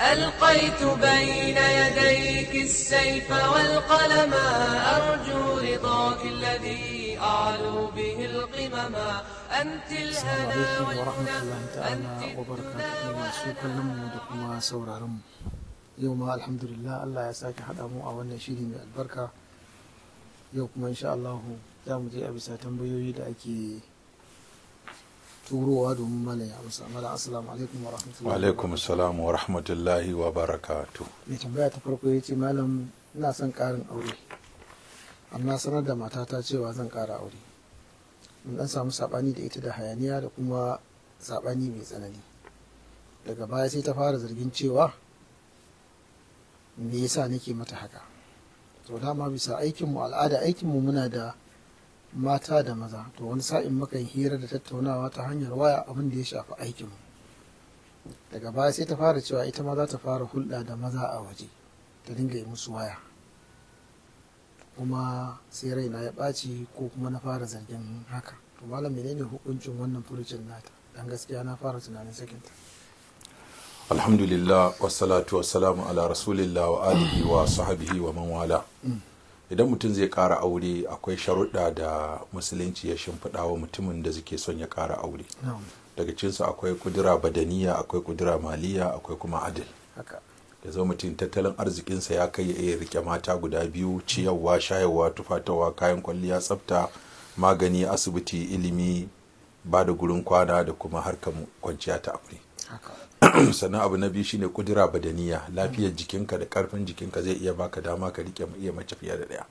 ألقيت بين يديك السيف والقلم أرجو رضاك الذي أعلو به القمم أنت الهدى والهدى ورحمة الله تعالى وبركاته وسوك النمود وما سورة رم يوم الحمد لله الله يسعدك حد أمو أولنا شيدي من البركة يوم إن شاء الله يوم جاء بساتن بيويد أكي turowa domin mala ya mala assalamu alaikum wa rahmatullahi wa alaikum assalam wa rahmatullahi wa barakatu mai tambaya ta farko ya ce malam ina son karin aure amma sanar da matata cewa zan kara aure mun dan samu sabani da ita da hayaniya da kuma sabani mai tsanani daga baya sai ta fara zargin cewa me yasa nake mata haka to dama bisa aikinmu al'ada aikinmu muna da mata da maza to wani sa'in mukan hira da tattaunawa ta hanyar waya abin da ya shafi aikinmu daga baya sai ta fara cewa ita ma za ta fara hulɗa da maza a waje ta dinga yi musu waya kuma sai raina ya ɓaci ko kuma na fara zargin haka to malam menene hukuncin wannan furucin nata dan gaskiya na fara tunanin sakinta alhamdulillah wassalatu wassalamu ala rasulillah wa alihi wa sahbihi wa man mm. idan mutum zai ƙara aure akwai sharuɗa da musulunci ya shimfiɗa wa mutumin da suke son ya kara aure daga cinsu akwai kudura badaniya akwai kudura maliya akwai kuma adil ya zama mutum tattalin arzikinsa ya kai ya rike mata guda biyu ciyawa shayawa tufatawa kayan kwalliya tsafta magani asibiti ilimi ba da gurin kwana da kuma harkar kwanciya ta aure sannan abu na biyu shine kudura badaniya lafiyar jikinka da karfin jikinka zai iya baka dama ka rike iya mace fiye da daya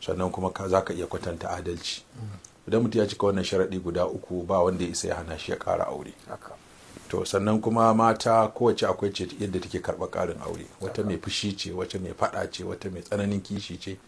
sannan kuma ka zaka iya kwatanta adalci idan mutum ya cika wannan sharaɗi guda uku ba wanda ya isa ya hana shi ya kara aure to sannan kuma mata kowace akwai ce yadda take karɓar ƙarin aure wata mai fushi ce wata mai faɗa ce wata mai tsananin kishi ce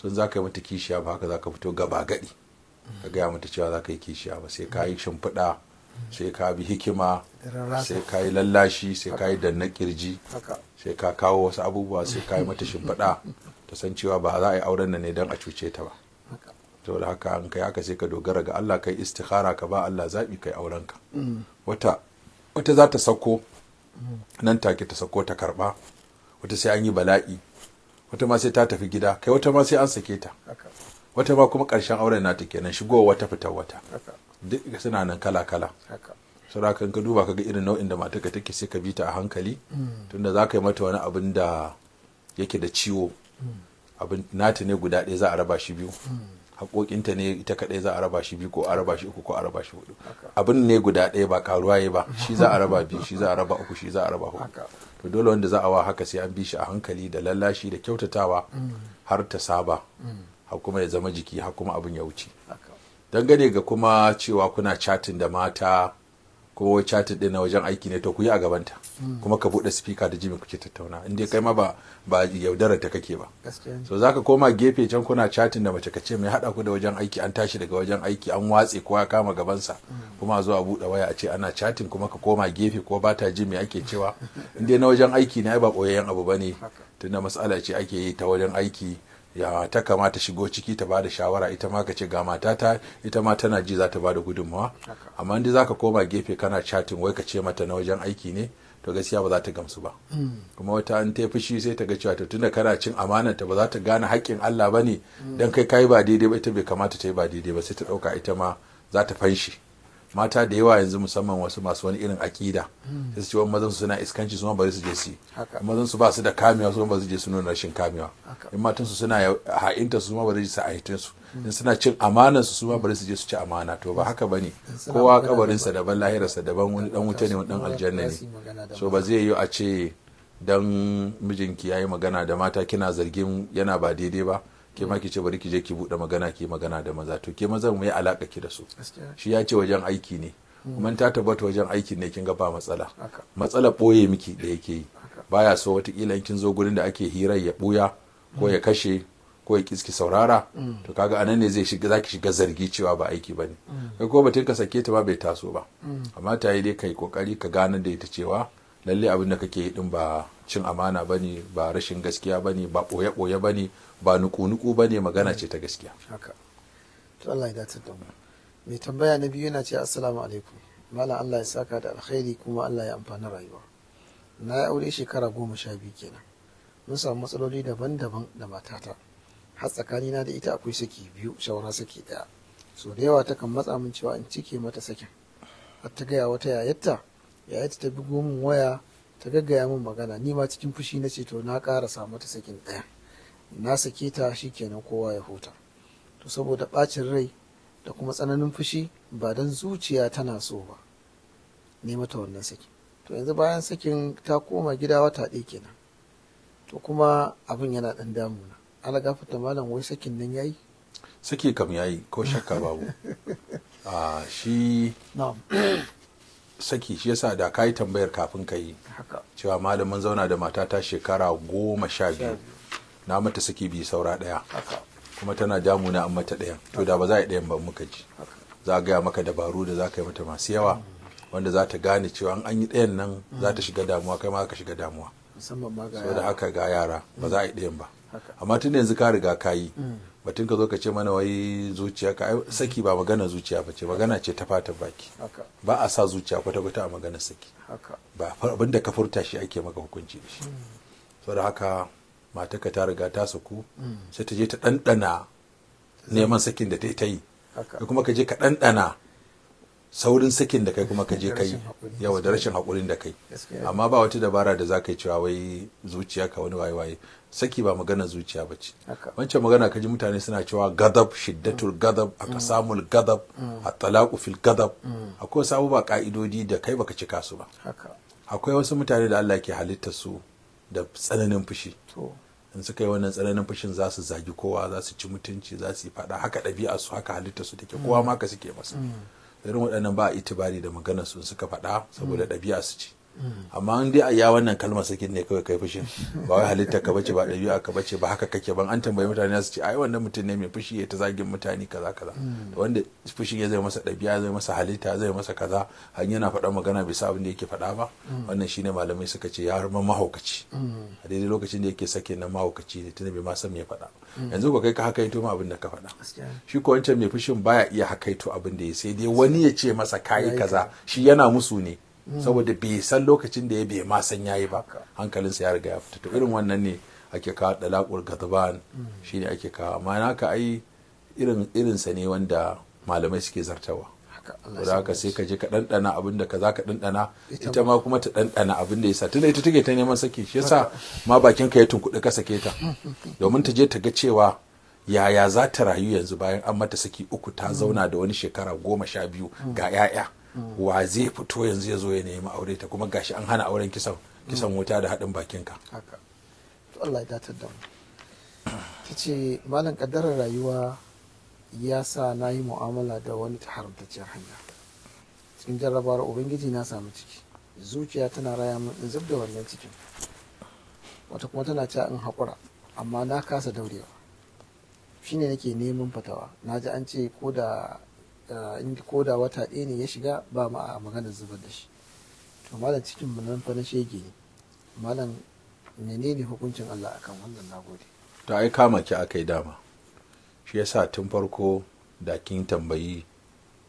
sun za ka yi mata kishiya ba haka za ka fito gaba gaɗi ka gaya mata cewa za ka yi kishiya ba sai ka yi shimfiɗa sai ka bi hikima sai ka yi lallashi sai ka yi danna kirji sai ka kawo wasu abubuwa sai ka yi mata shimfiɗa ta san cewa ba za a yi auren nan ne don a cuce ta ba da haka an kai haka sai ka dogara ga Allah kai istikhara ka ba Allah zaɓi kai auren ka mm. wata wata za ta sako nan take ta sako ta karɓa wata sai an yi bala'i wata ma sai ta tafi gida kai wata ma sai an sake ta wata ma kuma ƙarshen auren ta kenan shigowa wata fitar wata duk suna nan kala-kala kan ka duba kaga irin nau'in da matarka take sai ka bi ta a hankali mm. tunda za ka yi mata wani abin da yake da ciwo mm. abin nata ne guda ɗaya za a raba shi biyu mm. haƙoƙinta ne ita kaɗai za a raba shi biyu ko a raba shi uku ko a raba shi hudu abin ne guda ɗaya ba karuwa ya ba shi za a raba biyu shi za a raba uku shi za a raba hudu to dole wanda za a wa haka sai an bi shi a hankali da lallashi da kyautatawa har ta saba har kuma ya zama jiki har kuma abin ya wuce dangane ga kuma cewa kuna chatin da mata ko chatin din na wajen aiki ne to ku yi a gabanta hmm. kuma ka buɗe speaker da jimi kuke tattauna inda kai ma ba ba yaudarar ta kake ba so zaka koma gefe can kuna chatin da mace ka kace mai hada ku da wajen aiki an tashi daga wajen aiki an watse kowa ya kama gabansa hmm. kuma a zo a buɗe waya a ce ana chatin kuma ka koma gefe ko ba ta ji ake cewa inda na wajen aiki ne ai ba koyayyen abu bane tunda mas'ala ce ake yi ta wajen aiki ya ta kamata shigo ciki ta bada shawara ita ma ka ce ga matata ita ma tana ji za ta bada gudunmawa amma inda zaka koma gefe kana chatting wai ka ce mata na wajen aiki ne to gaskiya ba za ta gamsu ba mm. kuma wata an ta fushi sai ta ga cewa to tunda kana cin ta ba za ta gane haƙƙin Allah bane mm. dan kai kai ba daidai ba ita bai kamata ta yi ba daidai ba sai ta ɗauka ita ma za ta fanshi mata da yawa yanzu musamman wasu masu wani irin akida sai su ce wani mazan su suna iskanci su ma bari su je su mazan su ba su da kamewa su ma bari su je su nuna rashin kamewa in matan su suna ha'inta su ma bari su ha'inta su in suna cin amana su su ma bari su je su ci amana to ba haka ne kowa kabarinsa daban lahirarsa daban wani dan wuta ne wani dan aljanna ne so ba zai yi a ce dan mijinki ya yi magana da mata kina zargin yana ba daidai ba ke ma ki ce bari ki je ki bude magana ki magana da maza to ke maza mu yi alaka ki da su shi ya ce wajen aiki ne kuma ta tabbata wajen aiki ne kin ga ba matsala matsala boye miki da yake yi baya so watakila in kin zo gurin da ake hirar ya buya ko ya kashe ko ya kiski saurara mm. to kaga anan ne zai shiga zaki shiga zargi cewa ba aiki bane mm. kai ko batun ka sake ta ba bai taso ba mm. amma ta yi dai kai kokari ka gane da ita cewa lalle abin da kake din ba cin amana ba ne ba rashin gaskiya ba ne ba ɓoye-ɓoye ba ne ba nuku-nuku ne magana ce ta gaskiya haka to Allah ya dace da mu mai tambaya na biyu yana ce assalamu alaikum malam Allah ya saka da alkhairi kuma Allah ya amfana rayuwa na ya aure shekara goma sha biyu kenan mun samu matsaloli daban-daban da matata har tsakanina da ita akwai saki biyu shawara saki ɗaya. so da yawa takan matsa min cewa in cike mata sakin har ta gaya wata yayarta ya ta bugo min waya ta gaggaya min magana ni ma cikin fushi na ce to na kara samu ta sakin ɗaya na sake ta shi kenan kowa ya huta to saboda ɓacin rai da kuma tsananin fushi ba don zuciya tana so ba ne mata wannan sakin to yanzu bayan sakin ta koma gida wata ɗaya kenan to kuma abin yana ɗan damuna ala gafarta malam wai sakin nan yayi saki kam yayi ko shakka babu a ah, shi saki shi yasa da ka yi tambayar kafin ka yi cewa malamin zauna da matata shekara goma sha biyu na mata saki biyu saura ɗaya kuma tana damuna an mata ɗayan to da ba za a yi ɗayan ba muka ji za a gaya maka dabaru da za ka yi mata masu yawa wanda za ta gane cewa an yi ɗayan nan za ta shiga damuwa kai ma ka shiga damuwa saboda haka ga yara ba za a yi ɗayan ba amma tun yanzu ka riga ka yi batun ka zo ka ce mana wai zuciya ka saki ba magana zuciya ba ce magana ce ta fata baki ba a sa zuciya kwata kwata a magana saki ba abin da ka furta shi ake maka hukunci da shi saboda haka matarka ta riga ta saku mm. sai ta je ta ɗanɗana neman sakin da ta yi kuma ka je ka ɗanɗana saurin sakin da kai kuma ka je kai yawa da rashin haƙurin da kai amma ba wata dabara da za ka yi cewa wai zuciya ka wani waye waye saki ba magana zuciya ba ce wancan magana ka ji mutane suna cewa gadab shiddatul gadab mm. a kasamul gadab mm. mm. a talaku fil gadab akwai wasu abubuwa ka'idodi da kai baka cika su ba akwai wasu mutane da Allah ke halitta su da tsananin fushi in suka yi wannan tsananin fushin za su zagi kowa za su ci mutunci za su yi fada, haka ɗabi'a su haka halitta su take kowa ma ka suke masa irin waɗannan ba a itibari da maganar su suka faɗa saboda ɗabi'a su ce amma an dai a ya wannan kalmar sakin ne kawai kai fushin ba wai halitta ka bace ba ɗabi'a ka bace ba haka kake ban an tambayi mutane su ce ai wannan mutum ne mai fushi ya ta zagin mutane kaza kaza hmm. wanda fushin ya zai masa ɗabi'a zai masa halitta zai masa kaza har yana faɗa magana bai sa abin da yake faɗa ba hmm. wannan shine malamai suka ce ya harma mahaukaci hmm. a daidai lokacin da yake sakin na mahaukaci ne tunda bai ma san me faɗa yanzu ko kai ka haka ito ma abin da ka faɗa shi ko wancan mai fushin baya iya haka ito abin da ya sai dai wani ya ce masa kayi kaza shi yana musu ne saboda bai san lokacin da ya bai ma san yayi ba hankalinsa ya riga ya fita to irin wannan ne ake kawo dalakur gadban shine ake kawo amma naka ai irin irinsa ne wanda malamai suke zartawa da haka sai ka je ka dandana abin da ka za ka ita ma kuma ta dandana abin da tunda ita take ta neman saki shi yasa ma bakin ka ya tunkuɗe ka sake ta domin ta je ta ga cewa yaya za ta rayu yanzu bayan an mata saki uku ta zauna da wani shekara goma sha biyu ga 'ya'ya wa zai fito yanzu ya zo ya nemi aure ta kuma gashi an hana auren kisan kisan mm. wuta da haɗin bakinka haka to Allah ya datar da mu ta ce malam kaddarar rayuwa ya sa na yi mu'amala da wani ta haramtacciyar hanya cikin jarrabawar ubangiji na samu ciki zuciya tana raya min in zub wannan cikin wata kuma tana ta in haƙura amma na kasa daurewa shine nake neman fatawa na ji an ce ko da in ko da wata ɗaya ne ya shiga ba ma a maganar zubar da shi to malam cikin munan nan fa na shege ne malam menene hukuncin Allah akan wannan nagode to ai kama ki akai dama shi yasa tun farko da kin tambayi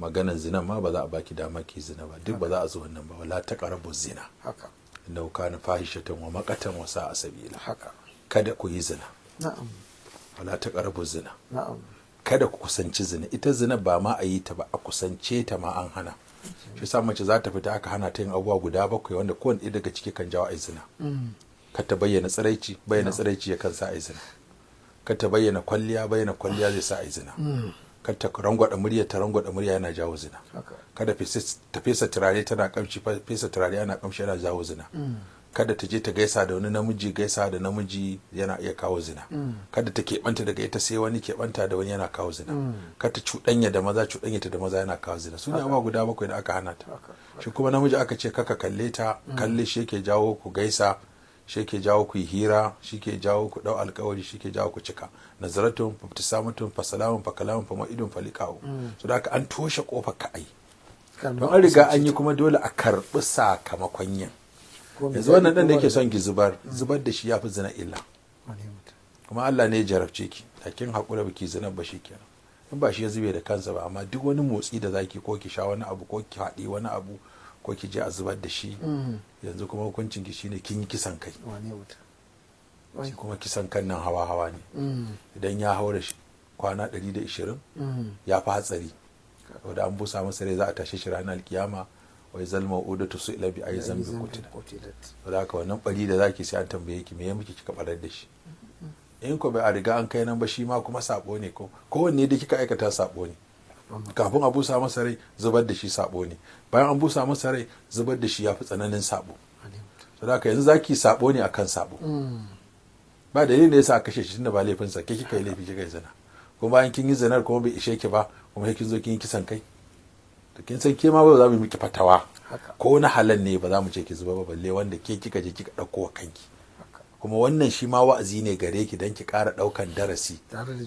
maganar zina ma ba za a baki dama ki zina ba duk ba za a zo wannan ba wala ta karabu zina haka inna kana fahishatan wa makatan wa sa'a sabila haka kada ku yi zina na'am wala ta karabu zina na'am kada ku kusanci zina ita zina ba ma a yi ta ba a kusance ta ma an hana shi sa mace za ta fita aka hana ta yin abubuwa guda bakwai wanda kowane ɗaya daga ciki kan jawo a zina ka ta bayyana tsiraici bayyana tsiraici ya kan sa a zina ka ta bayyana kwalliya bayyana kwalliya zai sa a zina ka ta rangwada murya ta rangwada murya yana jawo zina kada ta fesa turare tana kamshi fesa turare yana kamshi yana jawo zina kada ta je ta gaisa da wani namiji gaisa da namiji yana iya kawo zina mm. kada ta keɓanta daga ita sai wani keɓanta da wani yana kawo zina mm. kada ta cuɗanya da maza cuɗanya ta da maza yana kawo zina su ne ba guda bakwai da aka hana ta shi kuma namiji aka ce kaka kalle ta mm. kalle shi yake jawo ku gaisa shi ke jawo ku hira shi ke jawo ku ɗau alkawari shi ke jawo ku cika nazaratun faftisamatun fasalamun fakalamun fama'idun falikawo su da an toshe kofar ka'ai don an riga an yi kuma dole a karɓi sakamakon yin yanzu wannan dan da yake son ki zubar zubar da shi ya fi zina illa kuma Allah ne ya jarabce ki lakin hakura ba zina ba shi kenan in ba shi ya zube da kansa ba amma duk wani motsi da zaki ko ki sha wani abu ko ki haɗi wani abu ko ki je a zubar da shi mm. yanzu kuma hukuncin ki shine kin yi kisan kai shi kuma kisan kan nan hawa hawa ne mm. idan ya haura shi kwana 120 mm. ya fi hatsari saboda an busa masa rai za a tashe shi ranar kiyama. wai zalma uda ta su ilabi ayi zambi kutilat da haka wannan bari da zaki sai an tambaye ki me ya miki kika barar da shi in ko bai a riga an kai nan ba shi ma kuma sabo ne ko kowanne da kika aikata sabo ne kafin a busa masa rai zubar da shi sabo ne bayan an busa masa rai zubar da shi ya fi tsananin sabo da haka yanzu zaki sabo ne akan sabo mm. ba dalilin da yasa a kashe shi tunda ba laifinsa ke kika yi laifi kika yi zina kuma bayan kin yi zinar kuma bai ishe ki ba kuma kin zo kin yi kisan kai da kin san ke ma ba za mu miki fatawa ko na halal ne ba za mu ce ki zuba ba balle wanda ke kika je kika ɗauko wa kanki kuma wannan shi ma wa'azi ne gare ki dan ki ƙara ɗaukan darasi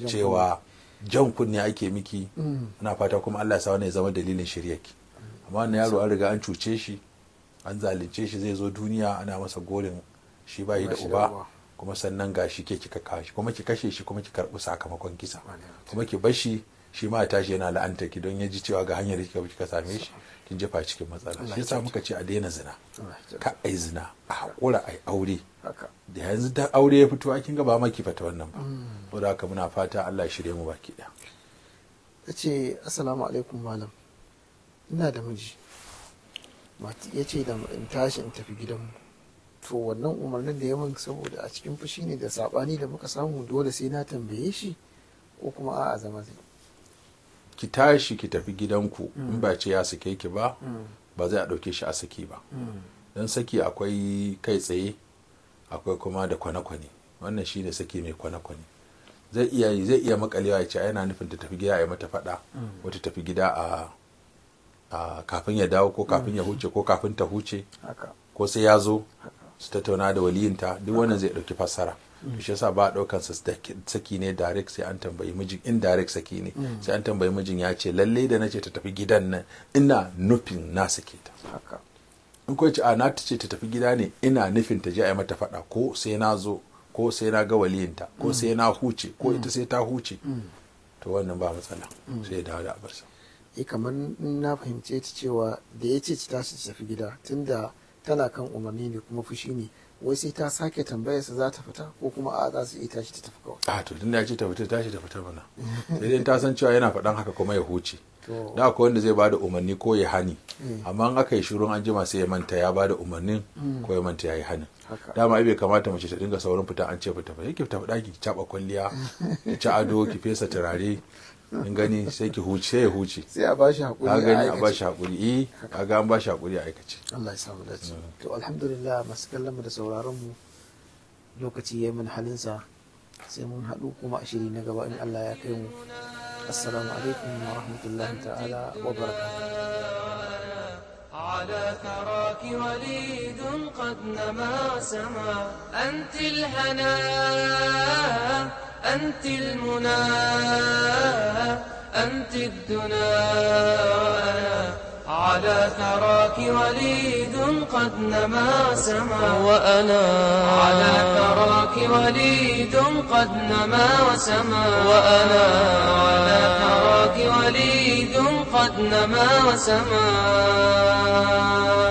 cewa jan kunne ake miki mm. ina fata kuma Allah ya sa wannan ya zama dalilin ki amma wannan yaro an riga an cuce shi an zalunce shi zai zo duniya ana masa golin shi ba shi da uba kuma sannan ga ke kika kashe kuma ki kashe shi kuma ki karɓi sakamakon kisa kuma ki bashi. shi shi ma ya tashi yana la'anta ki don ya ji cewa ga hanyar da kika same shi kin jefa cikin matsala shi yasa muka ce a daina zina ka ai zina a hakura ai aure da yanzu ta aure ya fito kin ga ba ma fata wannan ba mm. saboda haka muna fata Allah shirye mu baki da tace assalamu alaikum malam ina da miji mati ya da in tashi in tafi gidan mu to wannan umarnin da ya min saboda a cikin fushi ne da sabani da muka samu dole sai na tambaye shi ko kuma a'a zama zai ki tashi ki tafi gidanku in mm. ba ce ya sake ki ba mm. ba zai a ɗauke shi a saki ba mm. don saki akwai kai tsaye akwai kuma da kwane-kwane wannan shine saki mai kwane-kwane zai iya yi zai iya makalewa ya ce yana nufin ta tafi gida ya mata faɗa wata tafi gida a kafin ya dawo ko kafin ya huce ko kafin ta huce ko sai ya zo su tattauna da waliyinta duk wannan zai dauki fassara shi yasa ba daukan su saki ne direct sai an tambayi mijin in direct saki ne mm. sai an tambayi mijin ya ce lalle da nace ta tafi gidan nan ina nufin na sake ta in ko ce a na ce ta tafi gida ne ina nufin ta je a yi mata fada ko sai na zo ko sai na ga waliyinta ko mm. sai na huce ko ita mm. sai ta huce to wannan ba matsala sai dawo da abarsa eh kamar na fahimce ta cewa da ya ce ta su tafi gida tunda tana kan umarni ne kuma fushi ne wai sai ta sake tambayarsa za ta fita ko kuma a za su iya tashi ta tafi kawai a ah, to tunda ya ce ta fita tashi ta fita mana sai dai ta san cewa yana faɗan haka kuma ya huce da akwai wanda zai bada umarni ko ya hani hmm. amma in aka yi shirin an jima sai ya manta ya bada umarnin hmm. ko ya manta ya yi hanin dama ibe bai kamata mace ta dinga saurin fita an ce fita ba yake fita faɗa ki caɓa kwalliya ki ci ado ki fesa turare in gani sai ki huce sai ya huce sai a bashi hakuri a gani a bashi hakuri eh a ga an bashi hakuri a aikace Allah ya samu dace mm. to alhamdulillah masu kallon mu da sauraron mu lokaci yayi mun halin sa sai mun hadu kuma a shiri na gaba in Allah ya kai mu assalamu alaikum wa rahmatullahi ta'ala wa barakatuh على ثراك وليد قد نما سما أنت الهنا أنت المنى أنت الدنا على ثراك وليد قد نما سما وأنا على ثراك وليد قد نما سما وأنا على ثراك وليد قد نما سما